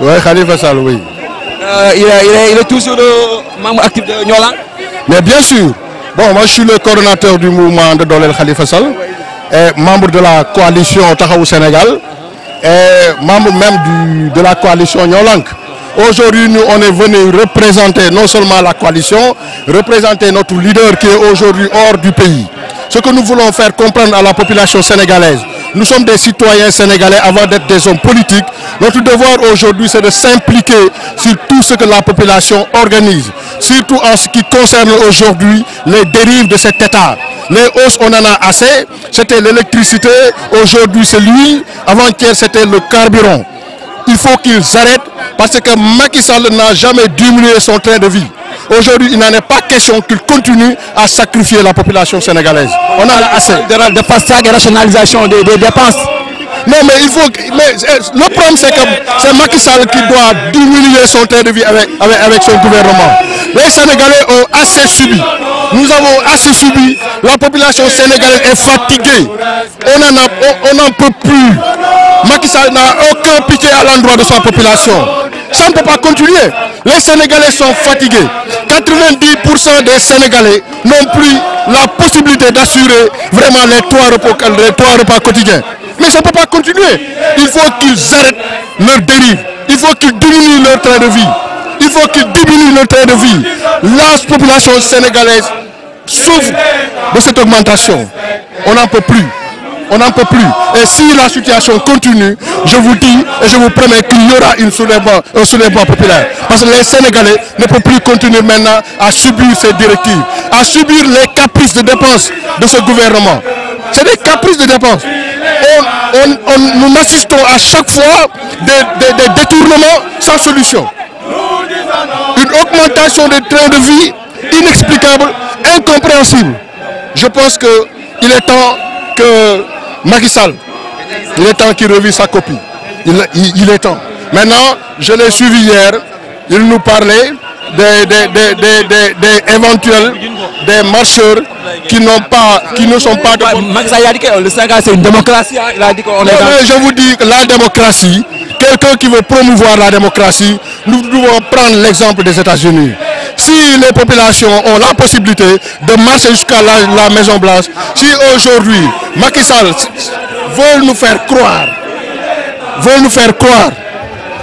Oui, Khalifa Fassal, oui. il, est, toujours membre actif de Nyolang Mais bien sûr. Bon, moi je suis le coordonnateur du mouvement de Dolel Khalifa Sall, et membre de la coalition au Sénégal, et membre même de la coalition Nyolank. Aujourd'hui, nous, on est venu représenter non seulement la coalition, représenter notre leader qui est aujourd'hui hors du pays. Ce que nous voulons faire comprendre à la population sénégalaise, nous sommes des citoyens sénégalais avant d'être des hommes politiques. Notre devoir aujourd'hui, c'est de s'impliquer sur tout ce que la population organise, surtout en ce qui concerne aujourd'hui les dérives de cet État. Les hausses, on en a assez. C'était l'électricité, aujourd'hui c'est l'huile, avant-hier c'était le carburant. Il faut qu'ils arrêtent parce que Macky Sall n'a jamais diminué son train de vie. Aujourd'hui, il n'en est pas question qu'il continue à sacrifier la population sénégalaise. On a assez. De, de rationalisation des, dépenses. Non, mais il faut. Eh, le problème, c'est que c'est Macky Sall qui doit diminuer son temps de vie avec, avec, son gouvernement. Les Sénégalais ont assez subi. Nous avons assez subi. La population sénégalaise est fatiguée. On n'en on, peut plus. Macky Sall n'a aucun pitié à l'endroit de sa population. Ça ne peut pas continuer. Les Sénégalais sont fatigués. 90% des Sénégalais n'ont plus la possibilité d'assurer vraiment les trois, repas, quotidiens. Mais ça ne peut pas continuer. Il faut qu'ils arrêtent leur dérive. Il faut qu'ils diminuent leur train de vie. Il faut qu'ils diminuent leur train de vie. La population sénégalaise souffre de cette augmentation. On n'en peut plus on n'en peut plus. Et si la situation continue, je vous dis et je vous promets qu'il y aura une un soulèvement populaire. Parce que les Sénégalais ne peuvent plus continuer maintenant à subir ces directives, à subir les caprices de dépenses de ce gouvernement. C'est des caprices de dépenses. nous assistons à chaque fois des, des, des détournements sans solution. Une augmentation des trains de vie inexplicable, incompréhensible. Je pense qu'il est temps que Macky il est temps qu'il revise sa copie. Il, est temps. Maintenant, je l'ai suivi hier, il nous parlait des, des, éventuels des marcheurs qui, pas, qui ne sont pas... Magissal, Macky a dit que le Sénégal c'est une démocratie. Hein. Je vous dis que la démocratie, quelqu'un qui veut promouvoir la démocratie, nous devons prendre l'exemple des États-Unis si les populations ont la possibilité de marcher jusqu'à la, Maison Blanche, si aujourd'hui Macky Sall veut nous faire croire, veut nous faire croire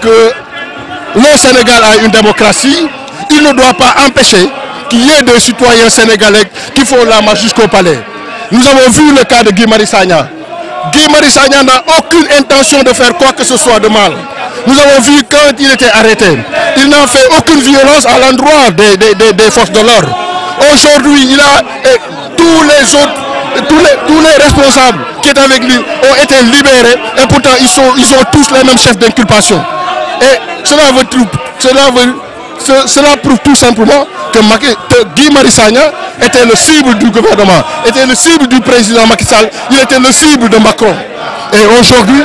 que le Sénégal a une démocratie, il ne doit pas empêcher qu'il y ait des citoyens sénégalais qui font la marche jusqu'au palais. Nous avons vu le cas de Guy Marissagna. Guy Marissagna n'a aucune intention de faire quoi que ce soit de mal. Nous avons vu quand il était arrêté, il n'a fait aucune violence à l'endroit des, forces de l'ordre. Aujourd'hui, il a et tous les autres tous les, responsables qui étaient avec lui ont été libérés et pourtant ils ont tous les mêmes chefs d'inculpation. Et cela cela, cela prouve tout simplement que, Guy Marissagna était le cible du gouvernement, était le cible du président Macky Sall, il était le cible de Macron. Et aujourd'hui,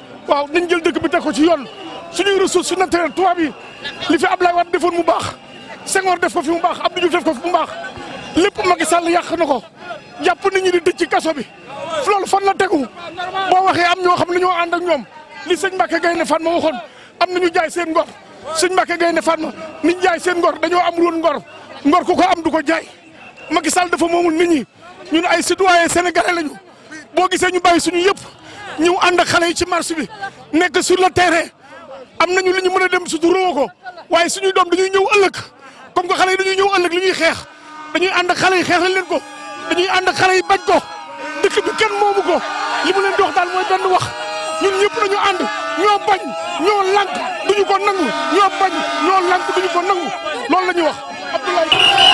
waaw nañ jël dëkk bi teg ko ci yoon suñuy suñu naturelles tubaab bi li fi Ablaye wat defoon mu baax Senghor def ko fi mu baax Abdou Diouf def ko fi mu baax lépp magi Sall yàq na ko jàpp nit ñi di dëcc ci kaso bi loolu fan la tegu boo waxee am ñoo xam ne ñoo ànd ak ñoom li sëñ Mbacke fan Fatma waxoon am na ñu jaay seen ngor sëñ Mbacke Gaynde fan ni ñu jaay seen ngor dañoo am woon ngor ngor ku ko am du ko jaay magi Sall dafa moomul nit ñi ñun ay citoyen sénégalais lañu boo gisee ñu bàyyi suñu yëpp. ñëw ànd ak xale yi ci marche bi nekk sur le terrain am nañu li ñu mën a dem suturoo ko waaye suñuy doom dañuy ñëw ëllëg comme que xale yi dañuy ñëw ëllëg li ñuy xeex dañuy ànd ak xale yi xeexal leen ko dañuy ànd xale yi bañ ko dëkk bi kenn moomu ko li mu leen di daal mooy benn wax ñun ñëpp nañu ànd ñoo bañ ñoo lànk duñu ko nangu ñoo bañ ñoo lànk duñu ko nangu loolu la ñuy wax Abdoulaye